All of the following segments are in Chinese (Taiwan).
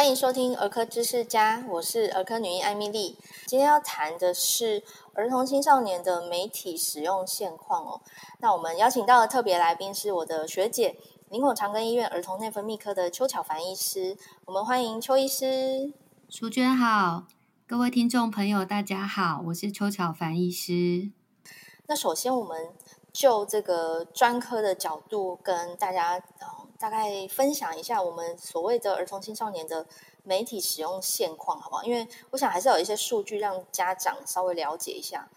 歡迎收聽《兒科知識家》，我是兒科女醫艾米麗。今天要談的是兒童青少年的媒體使用現況哦。那我們邀請到的特別來賓是我的學姐，林口長庚醫院兒童內分泌科的邱巧凡醫師。我們歡迎邱醫師。淑娟好，各位聽眾朋友大家好，我是邱巧凡醫師。那首先我們就這個專科的角度跟大家大概分享一下我們所謂的兒童青少年的媒體使用現況，好不好？因為我想還是有一些數據讓家長稍微了解一下。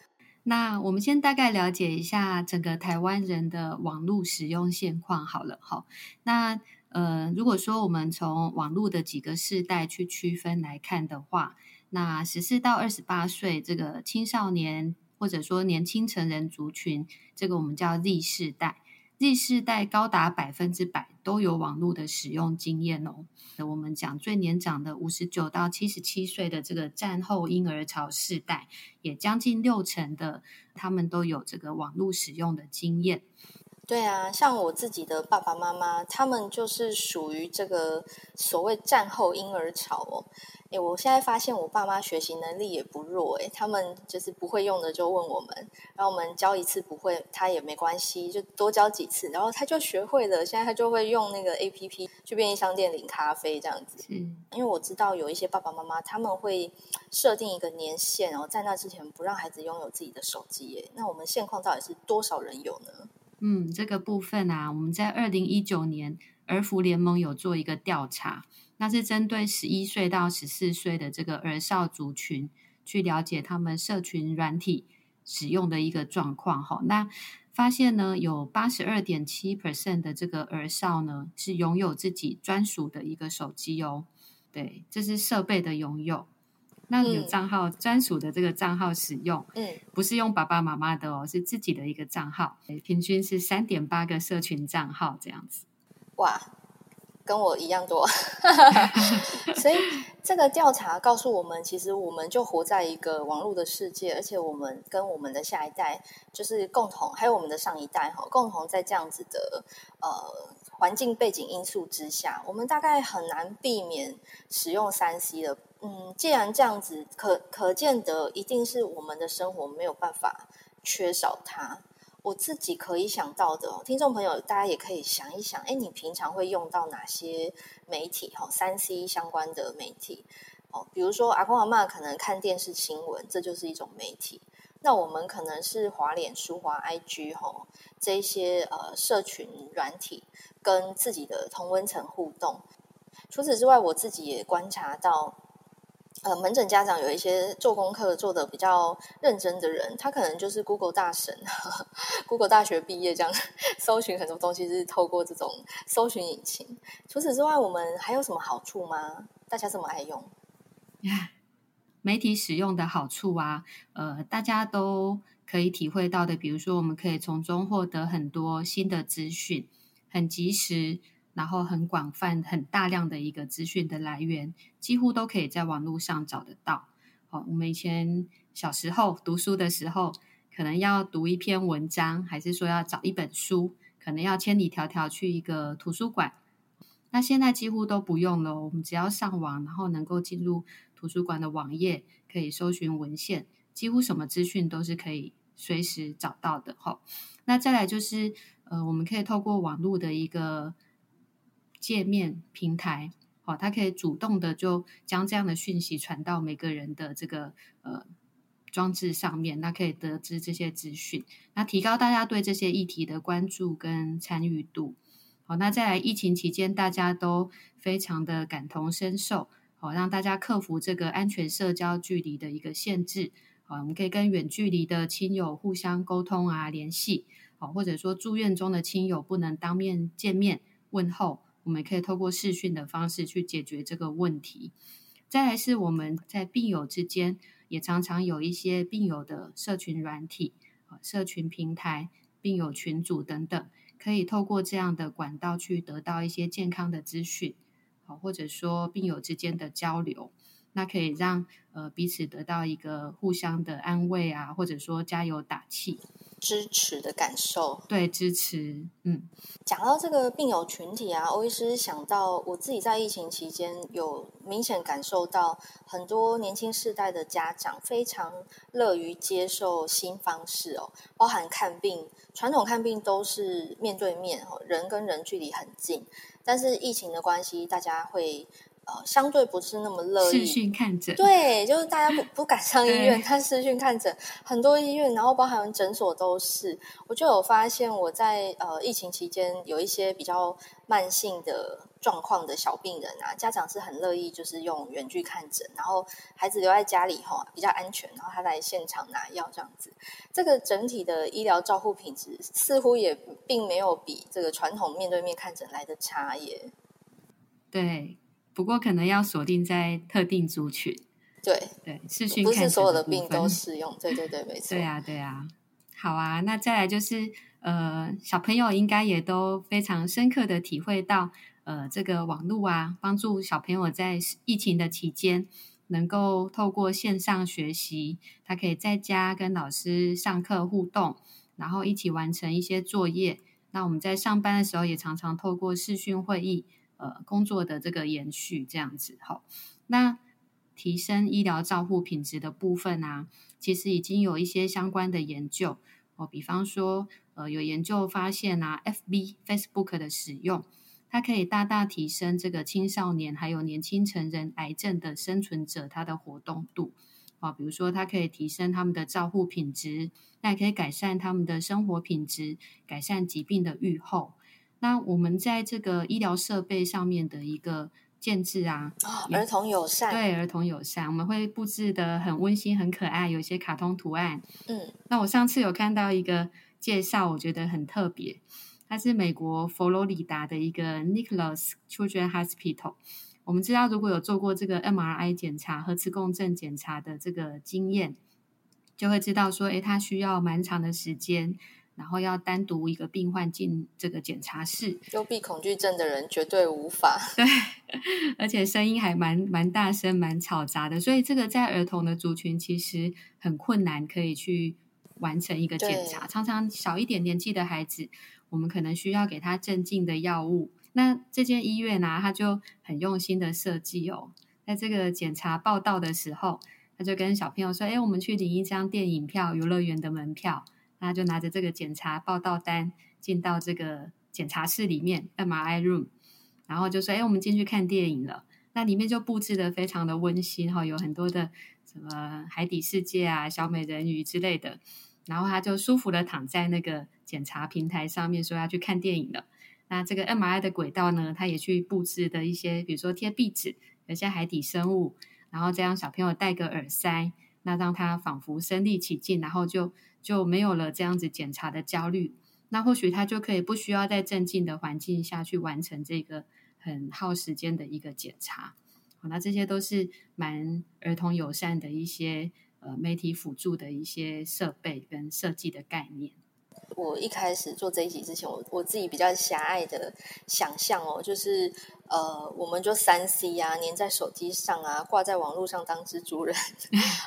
那我們先大概了解一下整個台灣人的網絡使用現況好了吼。那呃，如果說我們從網絡的幾個世代去區分來看的話，那十四到二十八歲這個青少年或者說年輕成人族群，這個我們叫 Z 世代。第四代高達百分之百，都有網絡的使用經驗哦。那我們講最年長的五十九到七十七歲的這個戰後嬰兒潮世代，也將近六成的他們都有這個網絡使用的經驗。對啊，像我自己的爸爸媽媽，他們就是屬於這個所謂戰後嬰兒潮哦。哎，我現在發現我爸媽學習能力也不弱哎，他們就是不會用的就問我們，然後我們教一次不會他也沒關係，就多教幾次，然後他就學會了。現在他就會用那個 APP 去便利商店領咖啡這樣子。是因為我知道有一些爸爸媽媽他們會設定一個年限，然後在那之前不讓孩子擁有自己的手機耶。那我們現況到底是多少人有呢？嗯，這個部分啊，我們在二零一九年兒福聯盟有做一個調查，那是針對十一歲到十四歲的這個兒少族群去了解他們社群軟體使用的一個狀況，哈、哦，那發現呢，有八十二點七 percent 的這個兒少呢是擁有自己專屬的一個手機哦。對，這是設備的擁有。那你有賬號專屬、嗯、的這個賬號使用，嗯，不是用爸爸媽媽的哦，是自己的一個賬號，平均是三點八個社群賬號這樣子。哇，跟我一樣多， 所以這個調查告訴我們，其實我們就活在一個網絡的世界，而且我們跟我們的下一代就是共同，還有我們的上一代哈、哦，共同在這樣子的呃環境背景因素之下，我們大概很難避免使用三 C 的。嗯，既然這樣子，可可見得一定是我們的生活沒有辦法缺少它。我自己可以想到的，聽眾朋友大家也可以想一想，哎、欸，你平常會用到哪些媒體？哈，三 C 相關的媒體，哦，比如說阿公阿媽可能看電視新聞，這就是一種媒體。那我們可能是滑臉書、滑 IG，哈，這些社群軟體跟自己的同溫層互動。除此之外，我自己也觀察到。呃，門診家長有一些做功課做的比較認真的人，他可能就是 Google 大神呵呵，Google 大學畢業這樣，搜尋很多東西是透過這種搜尋引擎。除此之外，我們還有什麼好處嗎？大家這麼愛用 yeah, 媒體使用的好處啊，呃，大家都可以體會到的，比如說我們可以從中獲得很多新的資訊，很及時。然後很廣泛、很大量的一個資訊的來源，幾乎都可以在網絡上找得到。好、哦，我們以前小時候讀書的時候，可能要讀一篇文章，還是說要找一本書，可能要千里迢迢去一個圖書館。那現在幾乎都不用了，我們只要上網，然後能夠進入圖書館的網頁，可以搜尋文獻，幾乎什麼資訊都是可以隨時找到的。哈、哦，那再來就是，呃，我們可以透過網絡的一個。介面平台，好，它可以主動的就將這樣的訊息傳到每個人的這個呃裝置上面，那可以得知這些資訊，那提高大家對這些議題的關注跟參與度。好，那再來疫情期間，大家都非常的感同身受，好，讓大家克服這個安全社交距離的一個限制。好，我們可以跟遠距離的親友互相溝通啊聯繫，好，或者說住院中的親友不能當面見面問候。我們可以透過視訊的方式去解決這個問題。再來是我們在病友之間，也常常有一些病友的社群軟體、社群平台、病友群組等等，可以透過這樣的管道去得到一些健康的資訊，或者說病友之間的交流，那可以讓呃彼此得到一個互相的安慰啊，或者說加油打氣。支持的感受，對支持，嗯，講到這個病友群體啊，歐醫師想到我自己在疫情期間有明顯感受到，很多年輕世代的家長非常樂於接受新方式哦，包含看病，傳統看病都是面對面哦，人跟人距離很近，但是疫情的關係，大家會。呃，相對不是那麼樂意視訊看診，對，就是大家不不敢上醫院看 對視訊看診，很多醫院，然後包含診所都是。我就有發現，我在呃疫情期間有一些比較慢性的狀況的小病人啊，家長是很樂意就是用遠距看診，然後孩子留在家裡吼比較安全，然後他來現場拿藥這樣子。這個整體的醫療照護品質似乎也並沒有比這個傳統面對面看診來的差耶。對。不過可能要鎖定在特定族群，對對，視訊不是所有的病都適用，對對對，沒錯。對啊，對啊，好啊，那再來就是呃，小朋友應該也都非常深刻的體會到，呃，這個網路啊，幫助小朋友在疫情的期間能夠透過線上學習，他可以在家跟老師上課互動，然後一起完成一些作業。那我們在上班的時候也常常透過視訊會議。呃，工作的這個延續這樣子哈、哦，那提升醫療照護品質的部分啊，其實已經有一些相關的研究哦。比方說，呃，有研究發現啊，FB Facebook 的使用，它可以大大提升這個青少年還有年輕成人癌症的生存者他的活動度啊，哦。比如說，它可以提升他們的照護品質，那也可以改善他們的生活品質，改善疾病的預後。那我們在這個醫療設備上面的一個建置啊，哦、兒童友善，對兒童友善，我們會布置得很溫馨、很可愛，有一些卡通圖案。嗯，那我上次有看到一個介紹，我覺得很特別，它是美國佛羅里達的一個 Nicholas Children Hospital。我們知道，如果有做過這個 MRI 檢查、核磁共振檢查的這個經驗，就會知道說，誒它需要蠻長的時間。然後要單獨一個病患進這個檢查室，幽閉恐懼症的人絕對無法對，而且聲音還蠻蠻大聲、蠻吵雜的，所以這個在兒童的族群其實很困難，可以去完成一個檢查。對常常小一點年紀的孩子，我們可能需要給他鎮靜的藥物。那這間醫院呢，啊，他就很用心的設計哦，在這個檢查報到的時候，他就跟小朋友說：“哎，我們去領一張電影票、遊樂園的門票。”他就拿着這個檢查報告單進到這個檢查室裡面，MRI room，然後就說：“哎，我們進去看電影了。”那裡面就布置得非常的溫馨，哈有很多的什麼海底世界啊、小美人魚之類的。然後他就舒服地躺在那個檢查平台上面，說要去看電影了。那這個 MRI 的軌道呢，他也去布置的一些，比如說貼壁紙，有些海底生物，然後再讓小朋友戴個耳塞，那讓他仿佛身臨其境，然後就。就沒有了這樣子檢查的焦慮，那或許他就可以不需要在鎮靜的環境下去完成這個很耗時間的一個檢查。那這些都是蠻兒童友善的一些、呃、媒體輔助的一些設備跟設計的概念。我一開始做這一集之前，我我自己比較狹隘的想象哦，就是呃，我們就三 C 啊，黏在手機上啊，掛在網絡上當蜘蛛人。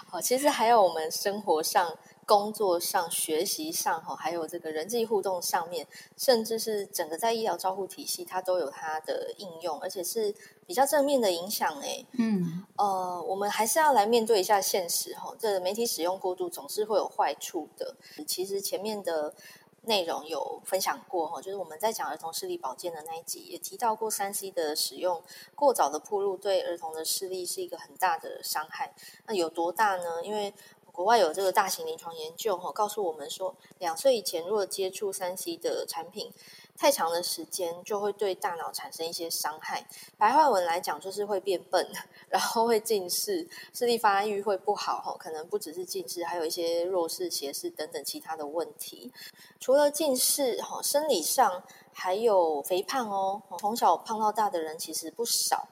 好，其實還有我們生活上。 工作上、學習上，哈，還有這個人際互動上面，甚至是整個在醫療照護體系，它都有它的應用，而且是比較正面的影響誒。哎，嗯，呃，我們還是要來面對一下現實，哈，這個、媒體使用過度總是會有壞處的。其實前面的內容有分享過，就是我們在講兒童視力保健的那一集，也提到過三 C 的使用過早的暴露，對兒童的視力是一個很大的傷害。那有多大呢？因為國外有這個大型臨床研究，哦，告訴我們說，兩歲以前如果接觸三 C 的產品太長的時間，就會對大腦產生一些傷害。白話文來講，就是會變笨，然後會近視，視力發育會不好，哈，哦，可能不只是近視，還有一些弱視、斜視等等其他的問題。除了近視，哦，生理上還有肥胖哦，哦，從小胖到大的人其實不少。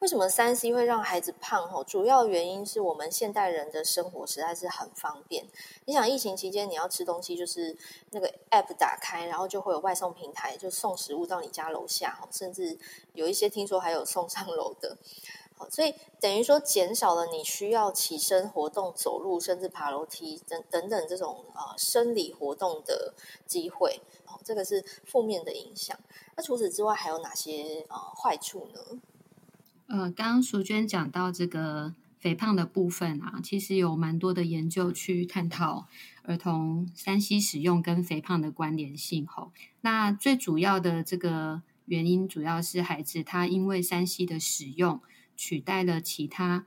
為什麼 3C 會讓孩子胖？吼，主要原因是我們現代人的生活實在是很方便。你想，疫情期間你要吃東西，就是那個 App 打開，然後就會有外送平台，就送食物到你家樓下，甚至有一些聽說還有送上樓的。所以等於說減少了你需要起身活動、走路，甚至爬樓梯等等等這種呃生理活動的機會。這個是負面的影響。那除此之外還有哪些呃壞處呢？呃，剛剛淑娟講到這個肥胖的部分啊，其實有蠻多的研究去探討兒童 3C 使用跟肥胖的關聯性。吼、哦，那最主要的這個原因，主要是孩子他因為 3C 的使用取代了其他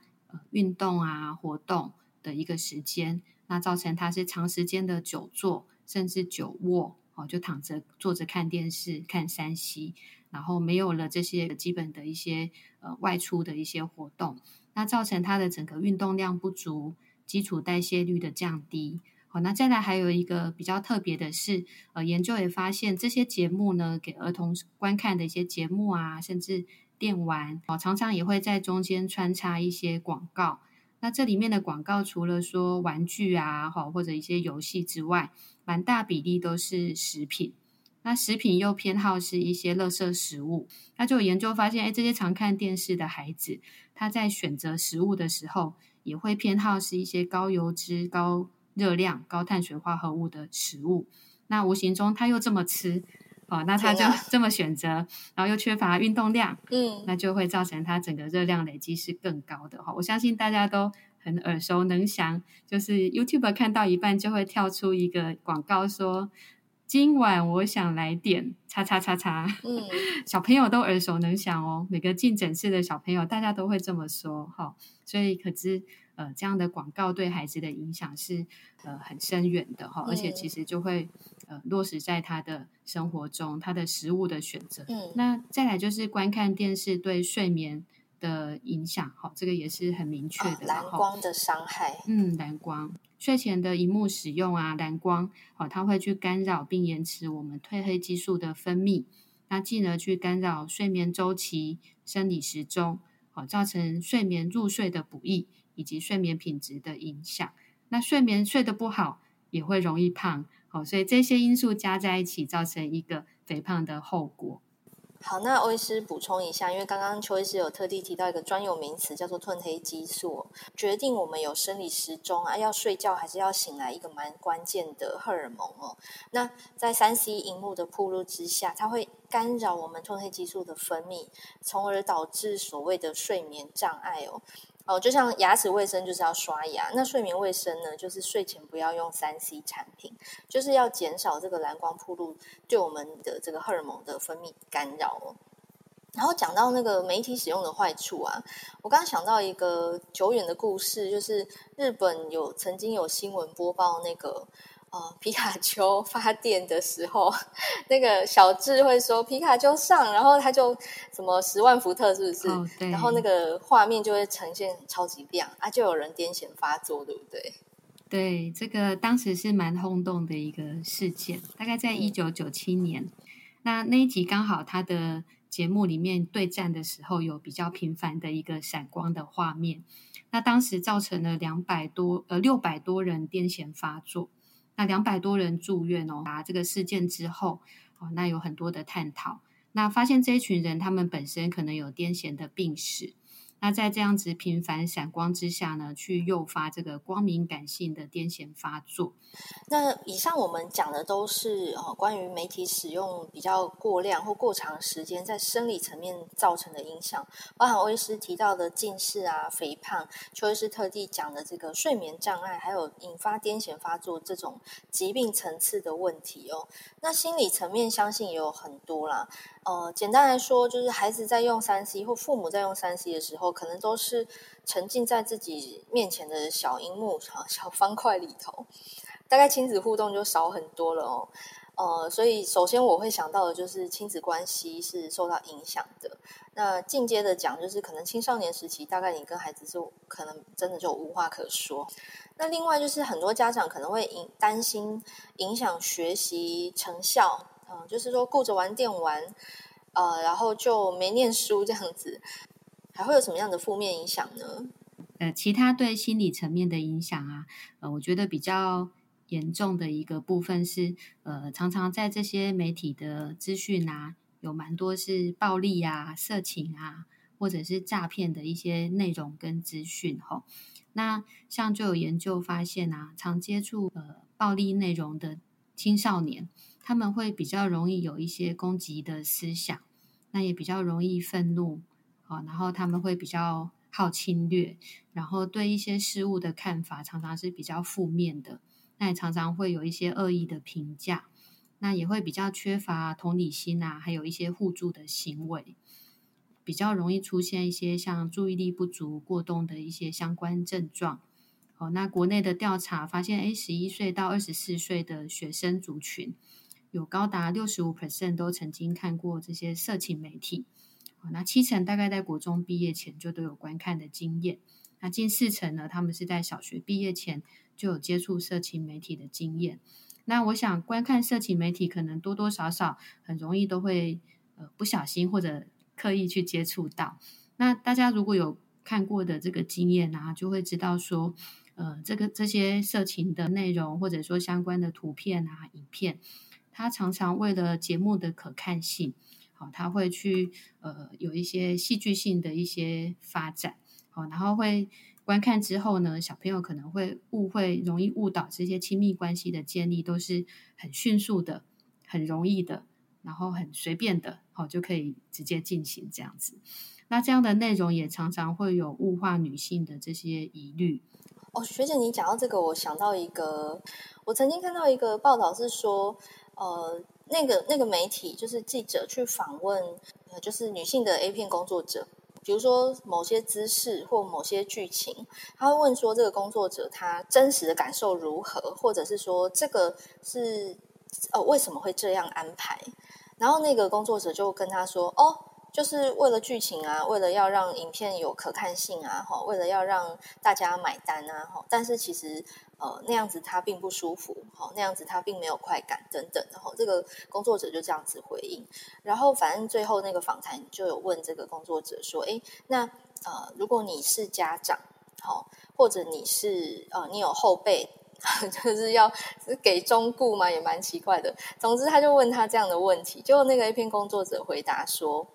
運動啊活動的一個時間，那造成他是長時間的久坐甚至久臥，哦，就躺着坐着看電視看 3C。然後沒有了這些基本的一些呃外出的一些活動，那造成他的整個運動量不足，基礎代謝率的降低。好，那再來還有一個比較特別的是，呃，研究也發現這些節目呢，給兒童觀看的一些節目啊，甚至電玩哦，常常也會在中間穿插一些廣告。那這裡面的廣告除了說玩具啊，或者一些遊戲之外，蠻大比例都是食品。那食品又偏好是一些垃圾食物，那就有研究發現，哎、欸，這些常看電視的孩子，他在選擇食物的時候，也會偏好是一些高油脂、高熱量、高碳水化合物的食物。那無形中他又這麼吃，哦，那他就這麼選擇，然後又缺乏運動量，嗯對，那就會造成他整個熱量累積是更高的、哦。我相信大家都很耳熟能詳，就是 YouTube 看到一半就會跳出一個廣告說。今晚我想來點叉叉叉叉，小朋友都耳熟能詳哦。每個進診室的小朋友，大家都會這麼說哈，哦。所以可知，呃，這樣的廣告對孩子的影響是呃很深遠的哈，哦。而且其實就會呃落實在他的生活中，他的食物的選擇。嗯，那再來就是觀看電視對睡眠，的影響，好，這個也是很明確的。哦、然後藍光的傷害，嗯，藍光睡前的螢幕使用啊，藍光，好，它會去干擾並延遲我們褪黑激素的分泌，那進而去干擾睡眠週期生理時鐘，好，造成睡眠入睡的不易以及睡眠品質的影響。那睡眠睡得不好也會容易胖，好，所以這些因素加在一起，造成一個肥胖的後果。好，那歐醫師補充一下，因為剛剛邱醫師有特地提到一個專有名詞，叫做褪黑激素，決定我們有生理時鐘啊，要睡覺還是要醒來，一個蠻關鍵的荷爾蒙喔。那在 3C 熒幕的曝露之下，它會干擾我們褪黑激素的分泌，從而導致所謂的睡眠障礙喔。哦，就像牙齒衛生就是要刷牙，那睡眠衛生呢？就是睡前不要用三 C 產品，就是要減少這個藍光暴露對我們的這個荷爾蒙的分泌干擾。然後講到那個媒體使用的壞處啊，我剛剛想到一個久遠的故事，就是日本有曾經有新聞播報那個。哦，皮卡丘發電的時候，那個小智會說皮卡丘上，然後他就什麼十萬伏特，是不是？哦，對，然後那個畫面就會呈現超級亮啊，就有人癲癇發作，對不對？對，這個當時是蠻轟動的一個事件。大概在一九九七年，嗯。那那一集剛好他的節目裡面對戰的時候有比較頻繁的一個閃光的畫面，那當時造成了兩百多，呃，六百多人癲癇發作。那兩百多人住院哦，拿、啊、這個事件之後，哦、啊，那有很多的探討。那發現這一群人，他們本身可能有癲癇的病史。那在這樣子頻繁閃光之下呢，去誘發這個光敏感性的癲癇發作。那以上我們講的都是哦，關於媒體使用比較過量或過長時間，在生理層面造成的影響。包含歐醫師提到的近視啊、肥胖，邱醫師特地講的這個睡眠障礙，還有引發癲癇發作這種疾病層次的問題哦。那心理層面，相信也有很多啦。呃，簡單來說，就是孩子在用 3C 或父母在用 3C 的時候，可能都是沉浸在自己面前的小熒幕、小方塊裡頭，大概親子互動就少很多了哦。呃，所以首先我會想到的就是親子關係是受到影響的。那進階的講，就是可能青少年時期，大概你跟孩子是可能真的就無話可說。那另外就是很多家長可能會影擔心影響學習成效。嗯，就是說顧着玩電玩，呃，然後就沒念書這樣子，還會有什麼樣的負面影響呢？呃，其他對心理層面的影響啊，呃，我覺得比較嚴重的一個部分是，呃，常常在這些媒體的資訊啊，有蠻多是暴力啊、色情啊，或者是詐騙的一些內容跟資訊吼、哦。那像就有研究發現啊，常接觸呃暴力內容的青少年，他們會比較容易有一些攻擊的思想，那也比較容易憤怒，哦，然後他們會比較好侵略，然後對一些事物的看法常常是比較負面的，那也常常會有一些惡意的評價，那也會比較缺乏同理心啊，還有一些互助的行為，比較容易出現一些像注意力不足過動的一些相關症狀，哦，那國內的調查發現，誒，十一歲到二十四歲的學生族群。有高達六十五 percent 都曾經看過這些色情媒體，那七成大概在國中畢業前就都有觀看的經驗，那近四成呢，他們是在小學畢業前就有接觸色情媒體的經驗。那我想，觀看色情媒體可能多多少少很容易都會呃不小心或者刻意去接觸到。那大家如果有看過的這個經驗啊，啊就會知道說，呃，這個這些色情的內容或者說相關的圖片啊影片。他常常為了節目的可看性，他會去呃有一些戲劇性的一些發展，然後會觀看之後呢，小朋友可能會誤會，容易誤導這些親密關係的建立都是很迅速的，很容易的，然後很隨便的，好就可以直接進行這樣子。那這樣的內容也常常會有物化女性的這些疑慮。哦，學姐，你講到這個，我想到一個，我曾經看到一個報道是說。呃，那個那個媒體就是記者去訪問，就是女性的 A 片工作者，比如說某些姿勢或某些劇情，他會問說這個工作者他真實的感受如何，或者是說這個是呃、哦、為什麼會這樣安排？然後那個工作者就跟他說：“哦，就是為了劇情啊，為了要讓影片有可看性啊，哈，為了要讓大家買單啊，哈，但是其實。”呃，那樣子他並不舒服，齁，那樣子他並沒有快感，等等，然、哦、這個工作者就這樣子回應，然後反正最後那個訪談就有問這個工作者說，欸，那呃，如果你是家長，齁，或者你是呃，你有後輩，就是要是給忠告嘛，也蠻奇怪的。總之，他就問他這樣的問題，就那個 A 片工作者回答說，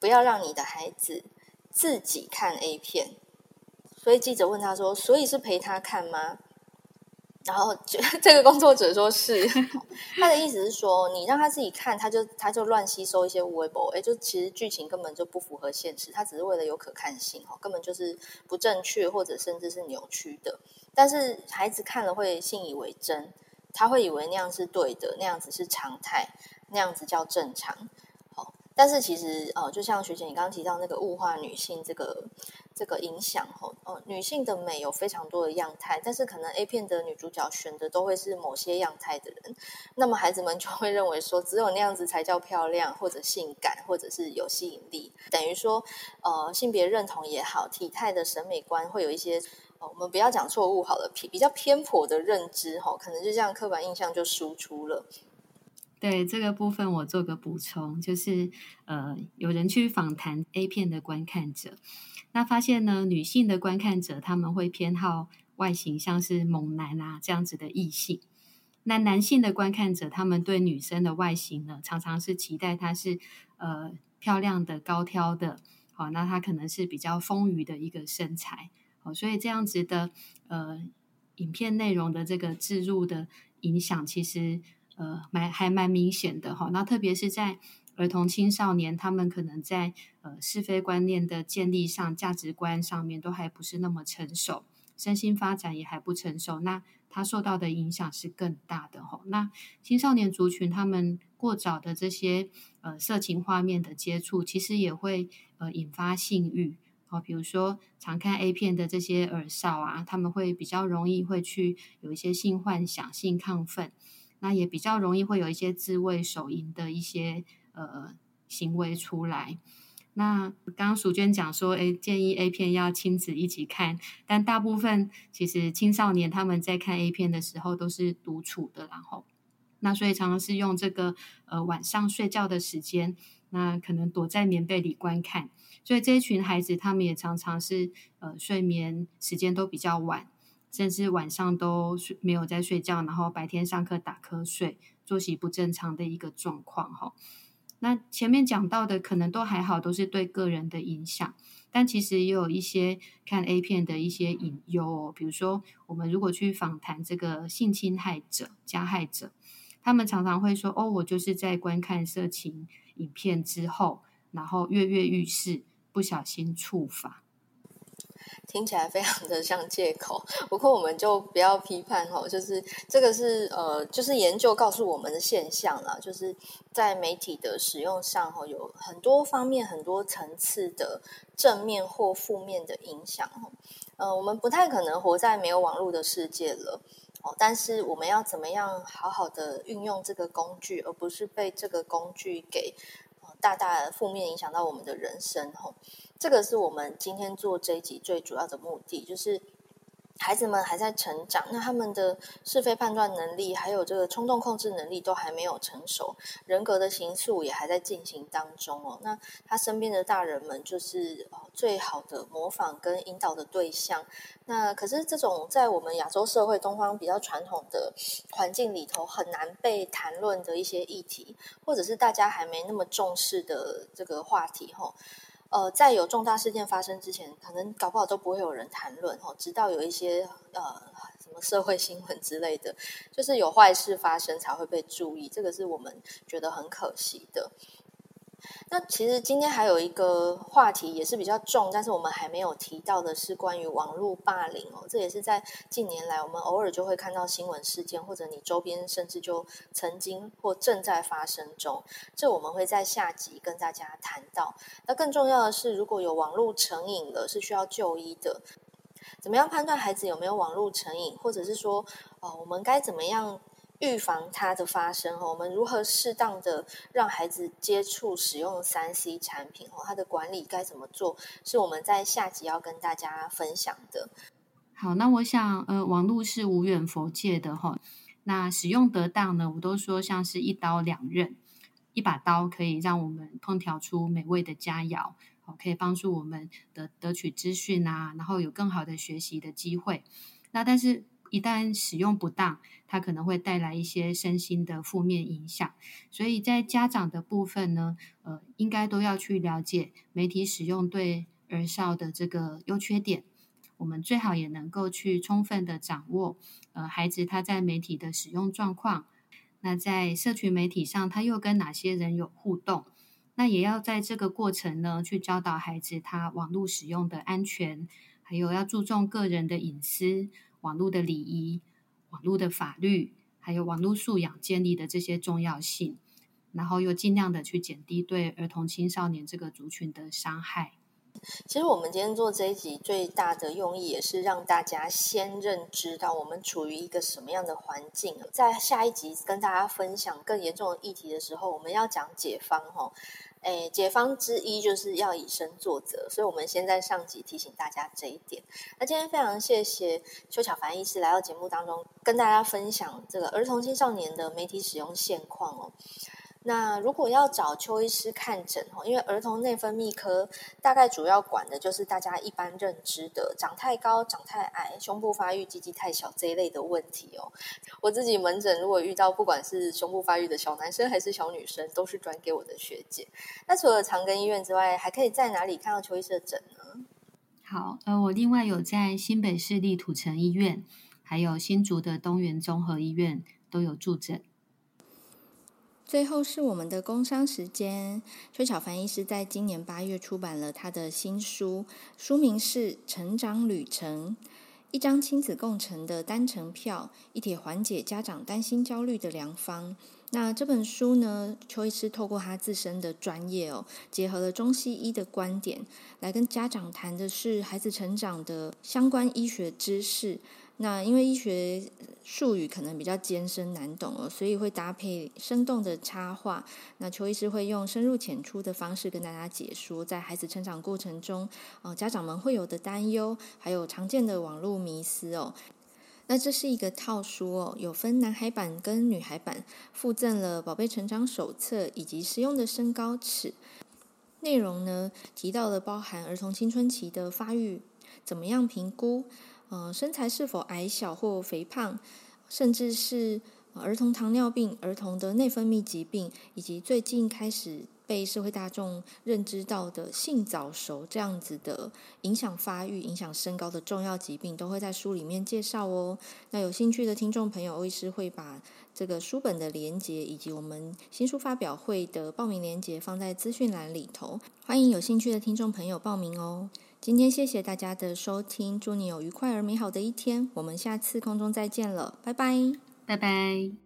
不要讓你的孩子自己看 A 片。所以記者問他說，所以是陪他看嗎？然後就，這個工作者說是，他的意思是說，你讓他自己看，他就他就亂吸收一些微博，哎，就其實劇情根本就不符合現實，他只是為了有可看性，哦，根本就是不正確或者甚至是扭曲的。但是孩子看了會信以為真，他會以為那樣是對的，那樣子是常態，那樣子叫正常，哦，但是其實，哦，就像學姐你剛剛提到那個物化女性這個。這個影響哦、呃，女性的美有非常多的樣態，但是可能 A 片的女主角選的都會是某些樣態的人，那麼孩子們就會認為說，只有那樣子才叫漂亮，或者性感，或者是有吸引力。等於說，呃，性別認同也好，體態的審美觀會有一些，呃、我們不要講錯誤好了，比較偏頗的認知、呃、可能就這樣刻板印象就輸出了。對，這個部分，我做個補充，就是呃，有人去訪談 A 片的觀看者。那發現呢，女性的觀看者他們會偏好外形像是猛男啊這樣子的異性，那男性的觀看者他們對女生的外形呢，常常是期待她是呃漂亮的高挑的，好、哦，那她可能是比較豐腴的一個身材，好、哦，所以這樣子的呃影片內容的這個置入的影響，其實呃蠻還蠻明顯的哈、哦，那特別是在。兒童、青少年他們可能在呃是非觀念的建立上，價值觀上面都還不是那麼成熟，身心發展也還不成熟，那他受到的影響是更大的吼、哦。那青少年族群他們過早的這些呃色情畫面的接觸，其實也會呃引發性慾哦，比如說常看 A 片的這些兒少啊，他們會比較容易會去有一些性幻想、性亢奮，那也比較容易會有一些自慰手淫的一些。呃，行為出來。那剛剛淑娟講說，哎，建議 A 片要親子一起看，但大部分其實青少年他們在看 A 片的時候都是獨處的，然後那所以常常是用這個呃晚上睡覺的時間，那可能躲在棉被裡觀看，所以這一群孩子他們也常常是呃睡眠時間都比較晚，甚至晚上都睡沒有在睡覺，然後白天上課打瞌睡，作息不正常的一個狀況，哈、哦。那前面講到的可能都還好，都是對個人的影響，但其實也有一些看 A 片的一些隱憂哦。比如說，我們如果去訪談這個性侵害者、加害者，他們常常會說：“哦，我就是在觀看色情影片之後，然後躍躍欲試，不小心觸犯。聽起來非常的像借口，不過我們就不要批判哦。就是這個是呃，就是研究告訴我們的現象啦，就是在媒體的使用上哦，有很多方面、很多層次的正面或負面的影響。呃，我們不太可能活在沒有網絡的世界了哦。但是我們要怎麼樣好好的運用這個工具，而不是被這個工具給。大大的負面影響到我們的人生吼，這個是我們今天做這一集最主要的目的，就是。孩子們還在成長，那他們的是非判斷能力，還有這個衝動控制能力都還沒有成熟，人格的形塑也還在進行當中哦。那他身邊的大人們就是最好的模仿跟引導的對象。那可是這種在我們亞洲社會、東方比較傳統的環境裡頭，很難被談論的一些議題，或者是大家還沒那麼重視的這個話題，哦，吼。呃，在有重大事件發生之前，可能搞不好都不會有人談論哦。直到有一些呃什麼社會新聞之類的，就是有壞事發生才會被注意，這個是我們覺得很可惜的。那其實今天還有一個話題也是比較重，但是我們還沒有提到的是關於網絡霸凌哦，這也是在近年來我們偶爾就會看到新聞事件，或者你周邊甚至就曾經或正在發生中。這我們會在下集跟大家談到。那更重要的是，如果有網絡成癮了，是需要就醫的。怎麼樣判斷孩子有沒有網絡成癮，或者是說，呃、哦，我們該怎麼樣？預防它的發生。我們如何適當的讓孩子接觸使用三 C 產品？它的管理該怎麼做？是我們在下集要跟大家分享的。好，那我想，呃，網絡是無遠弗屆的哈，那使用得當呢，我都說像是一刀兩刃，一把刀可以讓我們烹調出美味的佳餚，可以幫助我們得得取資訊啊，然後有更好的學習的機會。那但是。一旦使用不當，它可能會帶來一些身心的負面影響。所以在家長的部分呢，呃，應該都要去了解媒體使用對兒少的這個優缺點。我們最好也能夠去充分地掌握，呃，孩子他在媒體的使用狀況。那在社群媒體上，他又跟哪些人有互動？那也要在這個過程呢，去教導孩子他網絡使用的安全，還有要注重個人的隱私。網絡的禮儀、網絡的法律，還有網絡素養建立的這些重要性，然後又盡量的去減低對兒童、青少年這個族群的傷害。其實我們今天做這一集最大的用意，也是讓大家先認知到我們處於一個什麼樣的環境。在下一集跟大家分享更嚴重的議題的時候，我們要講解方哦。誒，解方之一就是要以身作則，所以我們先在上集提醒大家這一點。那今天非常謝謝邱巧凡醫師來到節目當中，跟大家分享這個兒童青少年的媒體使用現況哦。那如果要找邱醫師看診，因為兒童內分泌科大概主要管的就是大家一般認知的，長太高、長太矮、胸部發育、雞雞太小這一類的問題哦。我自己門診如果遇到不管是胸部發育的小男生還是小女生，都是轉給我的學姐。那除了長庚醫院之外，還可以在哪裡看到邱醫師的診呢？好，呃，我另外有在新北市立土城醫院，還有新竹的東元綜合醫院都有駐診。最後是我們的工商時間。邱巧凡醫師在今年八月出版了他的新書，書名是《成長旅程：一張親子共乘的單程票，一帖緩解家長擔心焦慮的良方》。那這本書呢，邱醫師透過他自身的專業哦，結合了中西醫的觀點，來跟家長談的是孩子成長的相關醫學知識。那因為醫學術語可能比較艱深難懂哦，所以會搭配生動的插畫。那邱醫師會用深入淺出的方式跟大家解說，在孩子成長過程中，呃，家長們會有的擔憂，還有常見的網絡迷思哦。那這是一個套書哦，有分男孩版跟女孩版，附贈了寶貝成長手冊以及實用的身高尺。內容呢，提到了包含兒童青春期的發育，怎麼樣評估？呃，身材是否矮小或肥胖，甚至是、呃、兒童糖尿病、兒童的內分泌疾病，以及最近開始被社會大眾認知到的性早熟這樣子的影響發育、影響身高的重要疾病，都會在書裡面介紹哦。那有興趣的聽眾朋友，歐醫師會把這個書本的連結以及我們新書發表會的報名連結放在資訊欄裡頭，歡迎有興趣的聽眾朋友報名哦。今天謝謝大家的收聽，祝你有愉快而美好的一天。我們下次空中再見了，拜拜，拜拜。